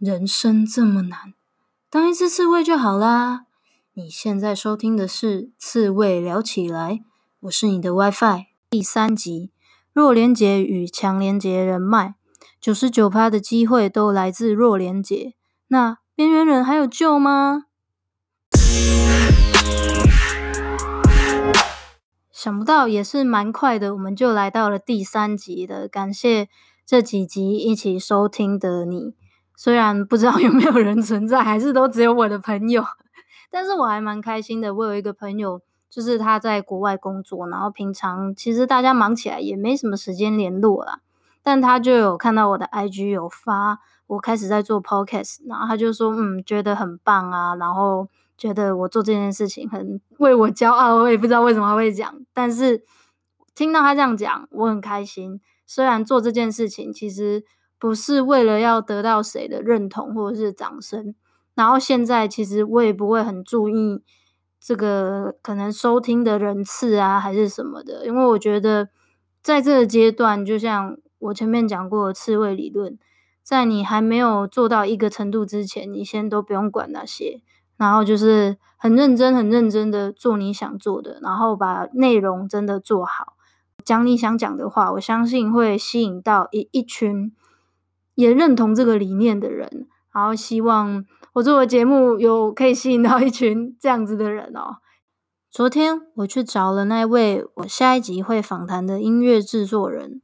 人生這麼難，當一次刺蝟就好啦。你現在收聽的是《刺蝟聊起來》，我是你的 WiFi。Fi、第三集：弱連結與強連結人脈，九十九趴的機會都來自弱連結。那邊緣人還有救嗎？想不到也是蠻快的，我們就來到了第三集的。感謝這幾集一起收聽的你。雖然不知道有沒有人存在，還是都只有我的朋友， 但是我還蠻開心的。我有一個朋友，就是他在國外工作，然後平常其實大家忙起來也沒什麼時間聯絡了，但他就有看到我的 IG 有發我開始在做 Podcast，然後他就說：“嗯，覺得很棒啊，然後覺得我做這件事情很為我驕傲。”我也不知道為什麼他會講，但是聽到他這樣講，我很開心。雖然做這件事情，其實。不是為了要得到誰的認同或者是掌聲，然後現在其實我也不會很注意這個可能收聽的人次啊，還是什麼的，因為我覺得在這個階段，就像我前面講過的刺蝟理論，在你還沒有做到一個程度之前，你先都不用管那些，然後就是很認真、很認真的做你想做的，然後把內容真的做好，講你想講的話，我相信會吸引到一一群。也認同這個理念的人，然後希望我做的節目有可以吸引到一群這樣子的人哦。昨天我去找了那位我下一集會訪談的音樂製作人，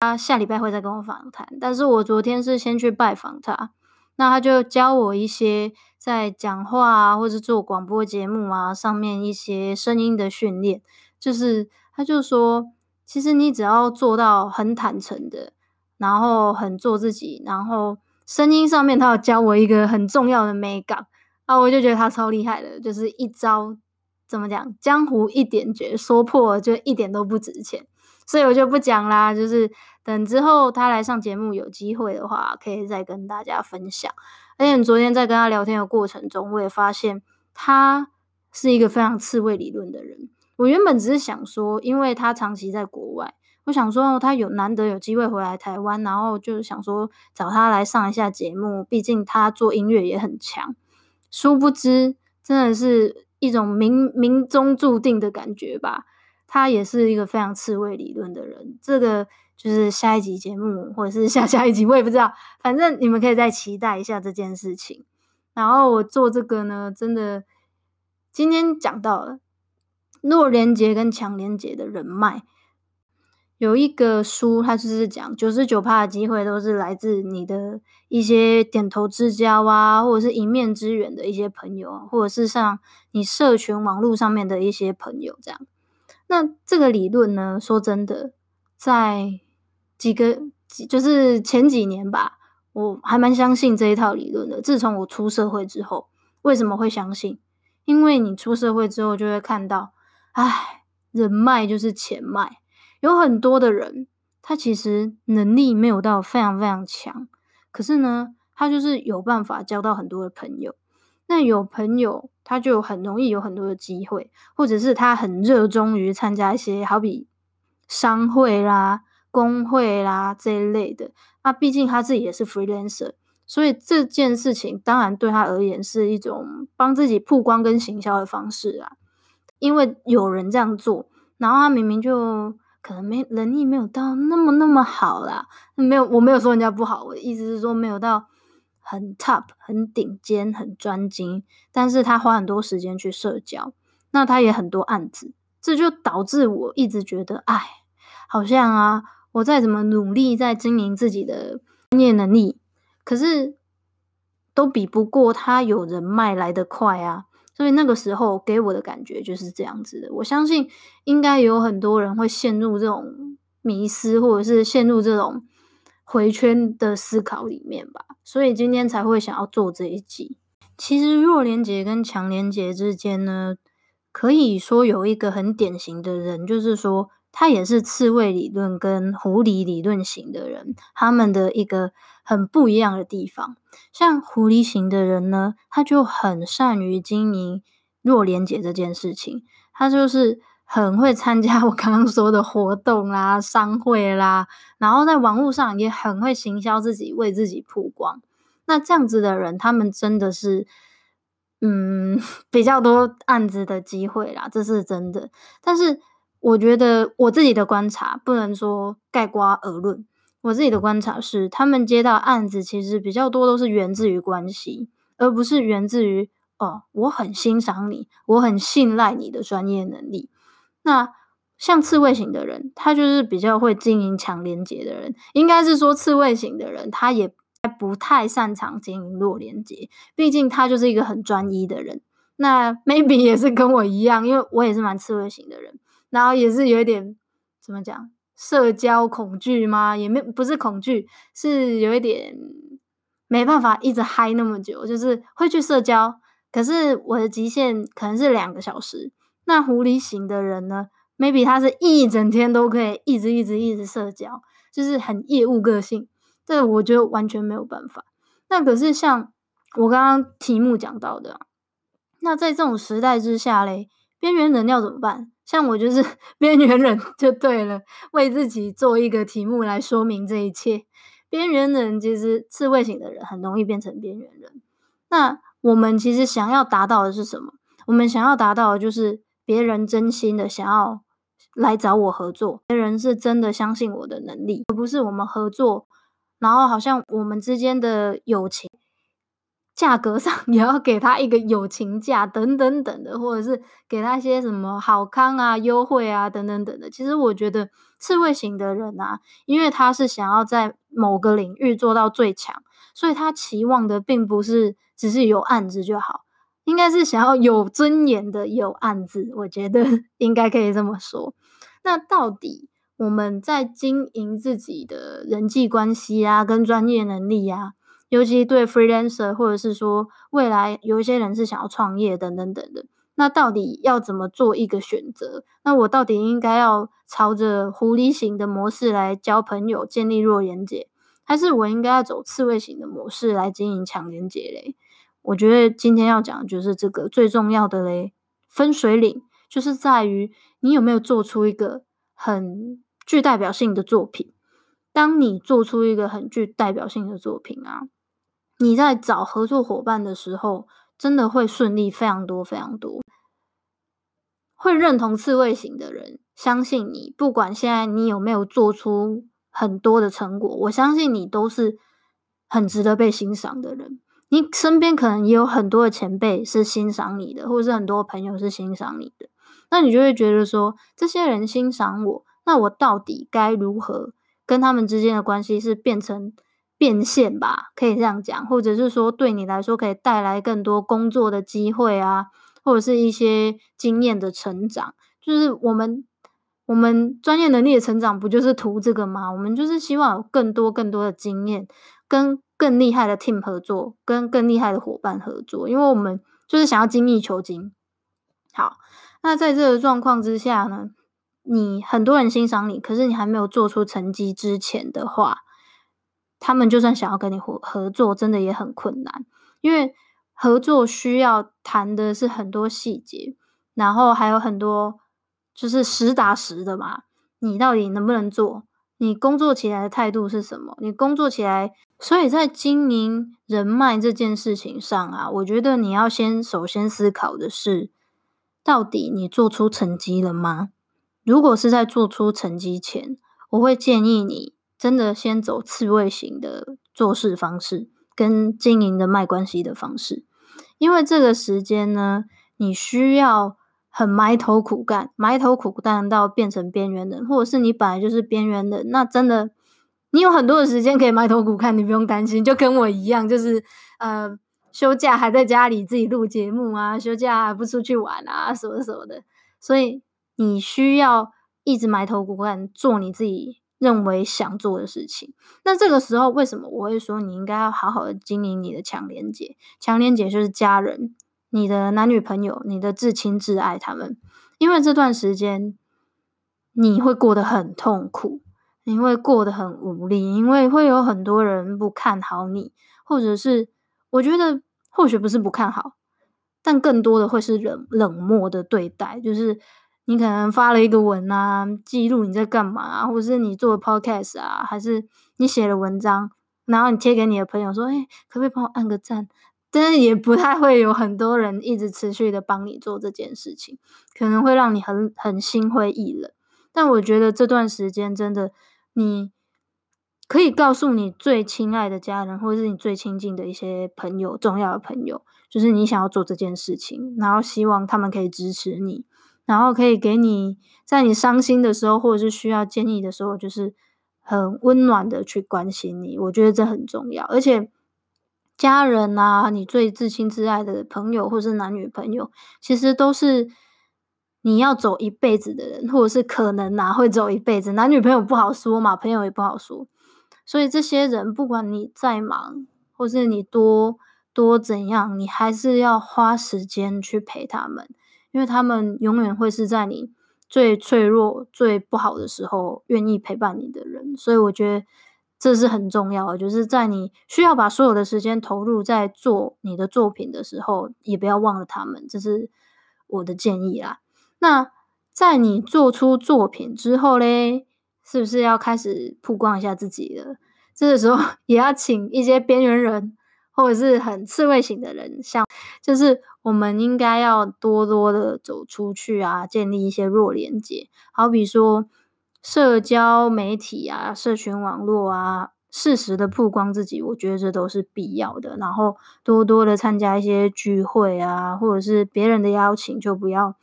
他下禮拜會再跟我訪談，但是我昨天是先去拜訪他，那他就教我一些在講話啊，或是做廣播節目啊上面一些聲音的訓練，就是他就說，其實你只要做到很坦誠的。然後很做自己，然後聲音上面他有教我一個很重要的美感，啊，我就覺得他超厲害的，就是一招怎麼講，江湖一點訣，說破了就一點都不值錢，所以我就不講啦，就是等之後他來上節目有機會的話，可以再跟大家分享。而且你昨天在跟他聊天的過程中，我也發現他是一個非常刺蝟理論的人。我原本只是想說，因為他長期在國外。我想說，他有難得有機會回來台灣，然後就想說找他來上一下節目，畢竟他做音樂也很強。殊不知，真的是一種冥冥中注定的感覺吧。他也是一個非常刺蝟理論的人。這個就是下一集節目，或者是下下一集，我也不知道。反正你們可以再期待一下這件事情。然後我做這個呢，真的今天講到了弱連結跟強連結的人脈。有一個書，他就是講九十九趴的機會都是來自你的一些點頭之交啊，或者是一面之緣的一些朋友、啊，或者是像你社群網絡上面的一些朋友這樣。那這個理論呢，說真的，在幾個幾就是前幾年吧，我還蠻相信這一套理論的。自從我出社會之後，為什麼會相信？因為你出社會之後就會看到，唉，人脈就是錢脈。有很多的人，他其實能力沒有到非常非常強，可是呢，他就是有辦法交到很多的朋友。那有朋友，他就很容易有很多的機會，或者是他很熱衷於參加一些，好比商會啦、工會啦這一類的。那、啊、畢竟他自己也是 freelancer，所以這件事情當然對他而言是一種幫自己曝光跟行銷的方式啊。因為有人這樣做，然後他明明就，可能沒能力沒有到那麼那麼好啦，沒有我沒有說人家不好，我的意思是說沒有到很 top，很頂尖，很專精，但是他花很多時間去社交，那他也很多案子，這就導致我一直覺得，哎，好像啊，我再怎麼努力在經營自己的專業能力，可是都比不過他有人脈來得快啊。所以那個時候給我的感覺就是這樣子的。我相信應該有很多人會陷入這種迷思，或者是陷入這種回圈的思考裡面吧。所以今天才會想要做這一集。其實弱連結跟強連結之間呢，可以說有一個很典型的人，就是說。他也是刺蝟理論跟狐狸理論型的人，他們的一個很不一樣的地方。像狐狸型的人呢，他就很善於經營弱連結這件事情，他就是很會參加我剛剛說的活動啦、商會啦，然後在網絡上也很會行銷自己，為自己曝光。那這樣子的人，他們真的是嗯比較多案子的機會啦，這是真的。但是。我覺得我自己的觀察不能說概括而論。我自己的觀察是，他們接到案子其實比較多都是源自於關係，而不是源自於哦，我很欣賞你，我很信賴你的專業能力。那像刺蝟型的人，他就是比較會經營強連結的人。應該是說，刺蝟型的人他也不太擅長經營弱連結，畢竟他就是一個很專一的人。那 maybe 也是跟我一樣，因為我也是蠻刺蝟型的人。然後也是有一點，怎麼講，社交恐懼嗎？也沒不是恐懼，是有一點沒辦法一直嗨那麼久，就是會去社交。可是我的極限可能是兩個小時。那狐狸型的人呢？Maybe 他是一整天都可以一直一直一直社交，就是很業務個性。這個我覺得完全沒有辦法。那可是像我剛剛題目講到的，那在這種時代之下嘞，邊緣人要怎麼辦？像我就是邊緣人就對了，為自己做一個題目來說明這一切。邊緣人其實刺蝟型的人很容易變成邊緣人。那我們其實想要達到的是什麼？我們想要達到的就是別人真心的想要來找我合作，別人是真的相信我的能力，而不是我們合作，然後好像我們之間的友情。價格上也要給他一個友情價，等等等的，或者是給他一些什麼好康啊、優惠啊，等等等的。其實我覺得，刺蝟型的人啊，因為他是想要在某個領域做到最強，所以他期望的並不是只是有案子就好，應該是想要有尊嚴的有案子。我覺得應該可以這麼說。那到底我們在經營自己的人際關係啊，跟專業能力啊，尤其對 freelancer，或者是說未來有一些人是想要創業等等等等的，那到底要怎麼做一個選擇？那我到底應該要朝着狐狸型的模式來交朋友、建立弱連結，還是我應該要走刺蝟型的模式來經營強連結嘞？我覺得今天要講的就是這個最重要的嘞，分水嶺就是在於你有沒有做出一個很具代表性的作品。當你做出一個很具代表性的作品啊。你在找合作夥伴的時候，真的會順利非常多非常多。會認同刺蝟型的人，相信你，不管現在你有沒有做出很多的成果，我相信你都是很值得被欣賞的人。你身邊可能也有很多的前輩是欣賞你的，或者是很多朋友是欣賞你的，那你就會覺得說，這些人欣賞我，那我到底該如何跟他們之間的關係是變成？變現吧，可以這樣講，或者是說，對你來說可以帶來更多工作的機會啊，或者是一些經驗的成長，就是我們我們專業能力的成長，不就是圖這個嗎？我們就是希望有更多更多的經驗，跟更厲害的 team 合作，跟更厲害的夥伴合作，因為我們就是想要精益求精。好，那在這個狀況之下呢，你很多人欣賞你，可是你還沒有做出成績之前的話，他們就算想要跟你合合作，真的也很困難，因為合作需要談的是很多細節，然後還有很多就是實打實的嘛。你到底能不能做？你工作起來的態度是什麼？你工作起來，所以在經營人脈這件事情上啊，我覺得你要先首先思考的是，到底你做出成績了嗎？如果是在做出成績前，我會建議你。真的先走刺蝟型的做事方式，跟經營的人脈關係的方式，因為這個時間呢，你需要很埋頭苦幹，埋頭苦幹到變成邊緣人，或者是你本來就是邊緣的，那真的，你有很多的時間可以埋頭苦幹，你不用擔心，就跟我一樣，就是呃，休假還在家裡自己錄節目啊，休假還不出去玩啊，什麼什麼的，所以你需要一直埋頭苦幹，做你自己，認為想做的事情，那這個時候為什麼我會說你應該要好好的經營你的強連結？強連結就是家人、你的男女朋友、你的至親至愛他們，因為這段時間你會過得很痛苦，你會過得很無力，因為會有很多人不看好你，或者是我覺得或許不是不看好，但更多的會是冷冷漠的對待，就是。你可能發了一個文啊，記錄你在幹嘛啊，或者是你做 podcast 啊，還是你寫了文章，然後你貼給你的朋友說，誒、欸，可不可以幫我按個讚？但是也不太會有很多人一直持續的幫你做這件事情，可能會讓你很很心灰意冷。但我覺得這段時間真的，你可以告訴你最親愛的家人，或者是你最親近的一些朋友，重要的朋友，就是你想要做這件事情，然後希望他們可以支持你。然後可以給你，在你傷心的時候，或者是需要建議的時候，就是很溫暖的去關心你。我覺得這很重要。而且，家人啊，你最至親至愛的朋友，或是男女朋友，其實都是你要走一輩子的人，或者是可能啊會走一輩子。男女朋友不好說嘛，朋友也不好說。所以，這些人不管你再忙，或是你多多怎樣，你還是要花時間去陪他們。因為他們永遠會是在你最脆弱、最不好的時候願意陪伴你的人，所以我覺得這是很重要的。就是在你需要把所有的時間投入在做你的作品的時候，也不要忘了他們。這是我的建議啦。那在你做出作品之後嘞，是不是要開始曝光一下自己了？這個時候也要請一些邊緣人。或者是很刺蝟型的人，像就是我們應該要多多的走出去啊，建立一些弱連結。好比說社交媒體啊、社群網絡啊，適時的曝光自己，我覺得這都是必要的。然後多多的參加一些聚會啊，或者是別人的邀請，就不要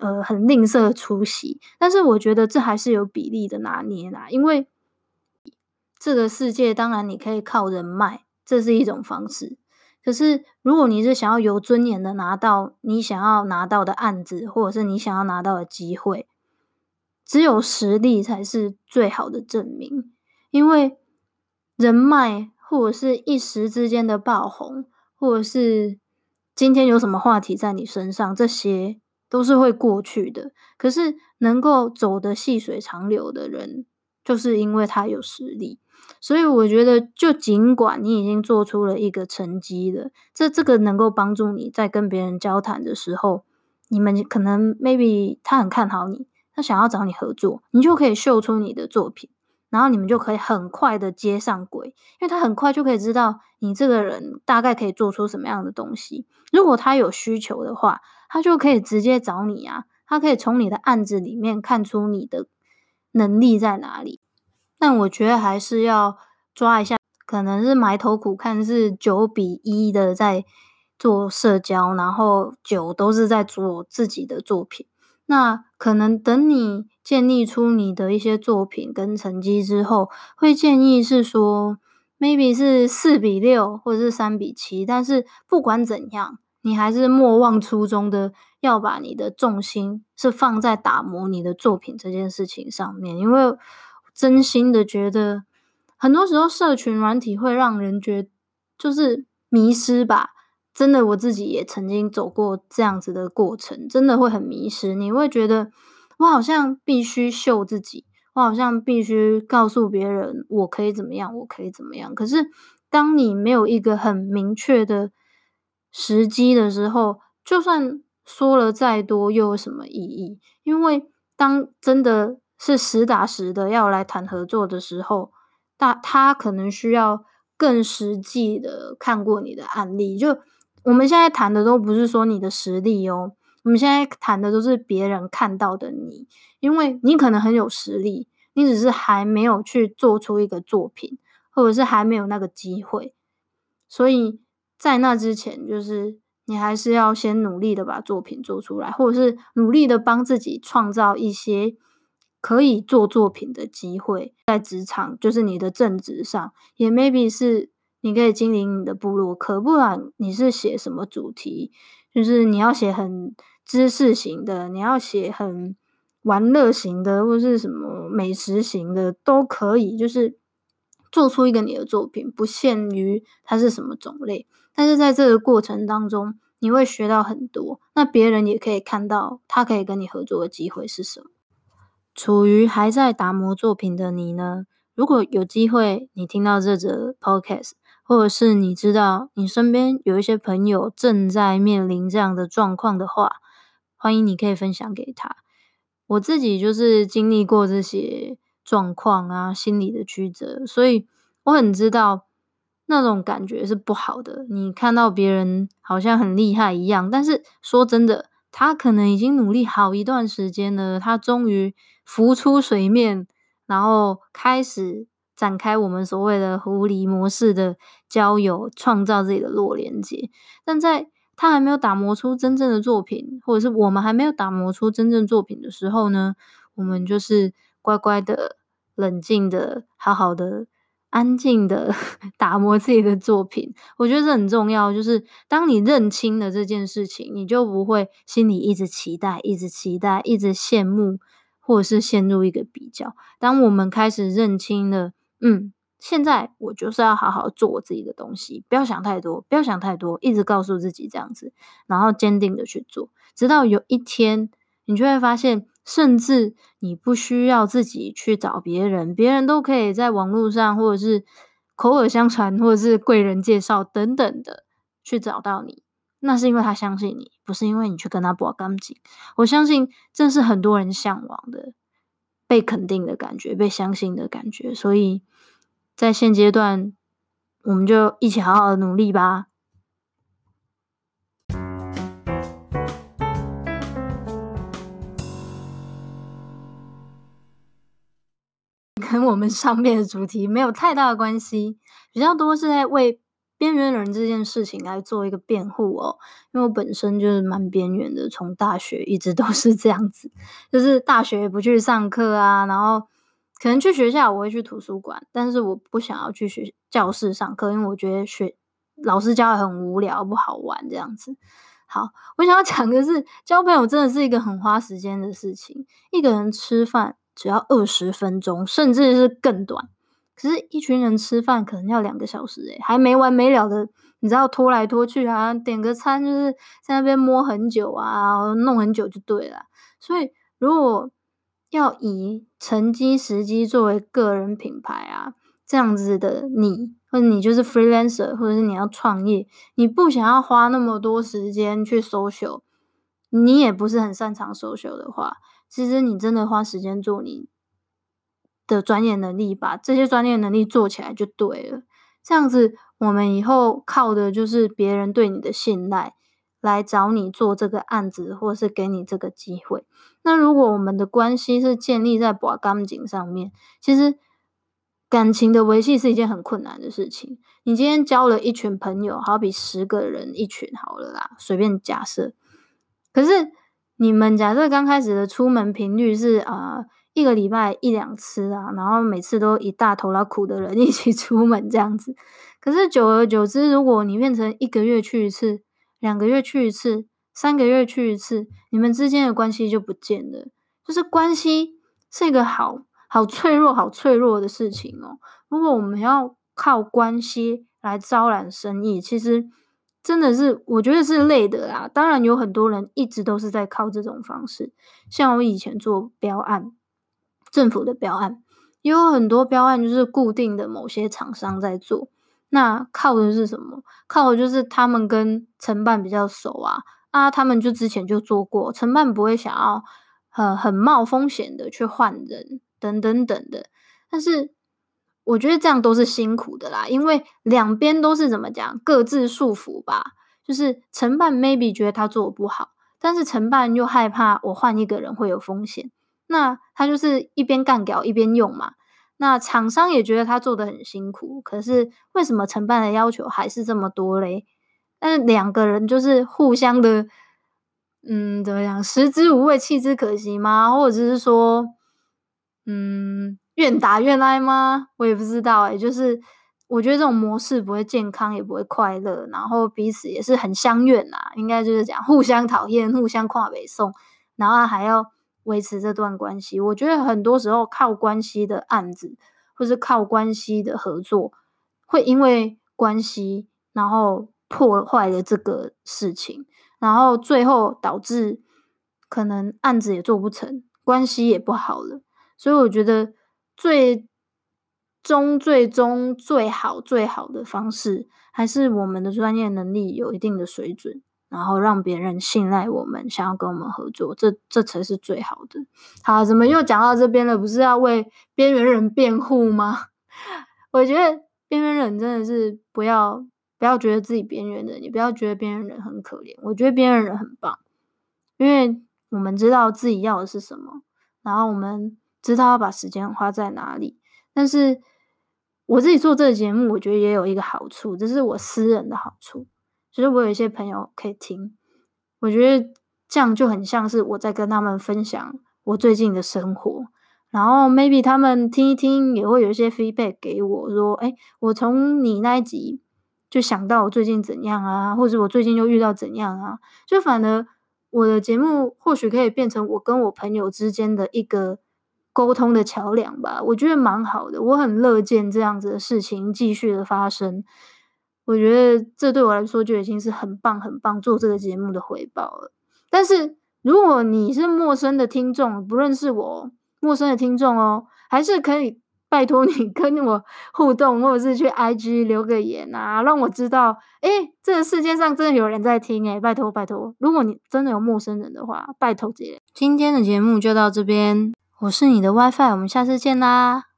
呃很吝嗇出席。但是我覺得這還是有比例的拿捏啦，因為這個世界當然你可以靠人脈。這是一種方式，可是如果你是想要有尊嚴的拿到你想要拿到的案子，或者是你想要拿到的機會，只有實力才是最好的證明。因為人脈或者是一時之間的爆紅，或者是今天有什麼話題在你身上，這些都是會過去的。可是能夠走得細水長流的人，就是因為他有實力。所以我覺得，就儘管你已經做出了一個成績了，這這個能夠幫助你在跟別人交談的時候，你們可能 maybe 他很看好你，他想要找你合作，你就可以秀出你的作品，然後你們就可以很快的接上軌，因為他很快就可以知道你這個人大概可以做出什麼樣的東西。如果他有需求的話，他就可以直接找你啊，他可以從你的案子裡面看出你的能力在哪裡。但我覺得還是要抓一下，可能是埋頭苦幹是九比一的在做社交，然後九都是在做自己的作品。那可能等你建立出你的一些作品跟成績之後，會建議是說，maybe 是四比六或者是三比七。但是不管怎樣，你還是莫忘初衷的要把你的重心是放在打磨你的作品這件事情上面，因為。真心的覺得，很多時候社群軟體會讓人覺就是迷失吧。真的，我自己也曾經走過這樣子的過程，真的會很迷失。你會覺得我好像必須秀自己，我好像必須告訴別人我可以怎麼樣，我可以怎麼樣。可是當你沒有一個很明確的時機的時候，就算說了再多，又有什麼意義？因為當真的。是實打實的要來談合作的時候，大，他可能需要更實際的看過你的案例。就我們現在談的都不是說你的實力哦，我們現在談的都是別人看到的你，因為你可能很有實力，你只是還沒有去做出一個作品，或者是還沒有那個機會。所以在那之前，就是你還是要先努力的把作品做出來，或者是努力的幫自己創造一些。可以做作品的機會，在職場就是你的正職上，也 maybe 是你可以經營你的部落，可不然你是寫什麼主題？就是你要寫很知識型的，你要寫很玩樂型的，或是什麼美食型的都可以。就是做出一個你的作品，不限於它是什麼種類。但是在這個過程當中，你會學到很多。那別人也可以看到，他可以跟你合作的機會是什麼。處於還在打磨作品的你呢？如果有機會，你聽到這則 Podcast，或者是你知道你身邊有一些朋友正在面臨這樣的狀況的話，歡迎你可以分享給他。我自己就是經歷過這些狀況啊，心理的曲折，所以我很知道那種感覺是不好的。你看到別人好像很厲害一樣，但是說真的。他可能已經努力好一段時間了，他終於浮出水面，然後開始展開我們所謂的“狐狸模式”的交友，創造自己的弱連結。但在他還沒有打磨出真正的作品，或者是我們還沒有打磨出真正作品的時候呢，我們就是乖乖的、冷靜的、好好的。安靜的打磨自己的作品，我覺得這很重要。就是當你認清了這件事情，你就不會心裡一直期待、一直期待、一直羨慕，或者是陷入一個比較。當我們開始認清了，嗯，現在我就是要好好做我自己的東西，不要想太多，不要想太多，一直告訴自己這樣子，然後堅定的去做，直到有一天，你就會發現。甚至你不需要自己去找別人，別人都可以在網絡上，或者是口耳相傳，或者是貴人介紹等等的去找到你。那是因為他相信你，不是因為你去跟他搏感情。我相信這是很多人嚮往的，被肯定的感覺，被相信的感覺。所以，在現階段，我們就一起好好的努力吧。跟我們上面的主題沒有太大的關係，比較多是在為邊緣人這件事情來做一個辯護哦。因為我本身就是蠻邊緣的，從大學一直都是這樣子，就是大學不去上課啊，然後可能去學校我會去圖書館，但是我不想要去學教室上課，因為我覺得學，老師教的很無聊，不好玩這樣子。好，我想要講的是，交朋友真的是一個很花時間的事情，一個人吃飯。只要二十分鐘，甚至是更短。可是一群人吃飯可能要兩個小時、欸，哎，還沒完沒了的，你知道拖來拖去啊，點個餐就是在那邊摸很久啊，弄很久就對了。所以，如果要以成績時機作為個人品牌啊，這樣子的你，或者你就是 freelancer，或者是你要創業，你不想要花那麼多時間去 social，你也不是很擅長 social 的話。其實你真的花時間做你的專業能力吧，把這些專業能力做起來就對了。這樣子，我們以後靠的就是別人對你的信賴來找你做這個案子，或是給你這個機會。那如果我們的關係是建立在搏感情上面，其實感情的維繫是一件很困難的事情。你今天交了一群朋友，好比十個人一群好了啦，隨便假設。可是。你們假設剛開始的出門頻率是啊、呃、一個禮拜一兩次啊，然後每次都一大拖拉庫的人一起出門這樣子，可是久而久之，如果你變成一個月去一次，兩個月去一次，三個月去一次，你們之間的關係就不見了。就是關係是一個好好脆弱、好脆弱的事情哦。如果我們要靠關係來招攬生意，其實。真的是，我覺得是累的啦。當然有很多人一直都是在靠這種方式，像我以前做標案，政府的標案，也有很多標案就是固定的某些廠商在做。那靠的是什麼？靠的就是他們跟承辦比較熟啊，啊，他們就之前就做過，承辦不會想要很很冒風險的去換人等等等等的。但是我覺得這樣都是辛苦的啦，因為兩邊都是怎麼講，各自束縛吧。就是承辦 maybe 覺得他做的不好，但是承辦又害怕我換一個人會有風險，那他就是一邊幹掉一邊用嘛。那廠商也覺得他做的很辛苦，可是為什麼承辦的要求還是這麼多嘞？但是兩個人就是互相的，嗯，怎麼樣，食之無味，棄之可惜嗎？或者是說，嗯。願打願挨嗎？我也不知道，欸，誒，就是我覺得這種模式不會健康，也不會快樂，然後彼此也是很相怨啊。應該就是講互相討厭、互相靠北，然後還要維持這段關係。我覺得很多時候靠關係的案子，或是靠關係的合作，會因為關係然後破壞了這個事情，然後最後導致可能案子也做不成，關係也不好了。所以我覺得。最終，最終最好最好的方式，還是我們的專業能力有一定的水準，然後讓別人信賴我們，想要跟我們合作，這這才是最好的。好，怎麼又講到這邊了？不是要為邊緣人辯護嗎？ 我覺得邊緣人真的是不要不要覺得自己邊緣人，你不要覺得邊緣人很可憐。我覺得邊緣人很棒，因為我們知道自己要的是什麼，然後我們。知道要把時間花在哪裡，但是我自己做這個節目，我覺得也有一個好處，這是我私人的好處，其實我有一些朋友可以聽，我覺得這樣就很像是我在跟他們分享我最近的生活，然後 maybe 他們聽一聽，也會有一些 feedback 給我說，哎、欸，我從你那一集就想到我最近怎樣啊，或者我最近又遇到怎樣啊，就反而我的節目或許可以變成我跟我朋友之間的一個。溝通的橋樑吧，我覺得蠻好的，我很樂見這樣子的事情繼續的發生。我覺得這對我來說就已經是很棒、很棒做這個節目的回報了。但是如果你是陌生的聽眾，不認識我，陌生的聽眾哦，還是可以拜托你跟我互動，或者是去 IG 留個言啊，讓我知道，哎，這個世界上真的有人在聽。欸，哎，拜托拜托。如果你真的有陌生人的話，拜托姐。今天的節目就到這邊。我是你的 WiFi，我們下次見啦。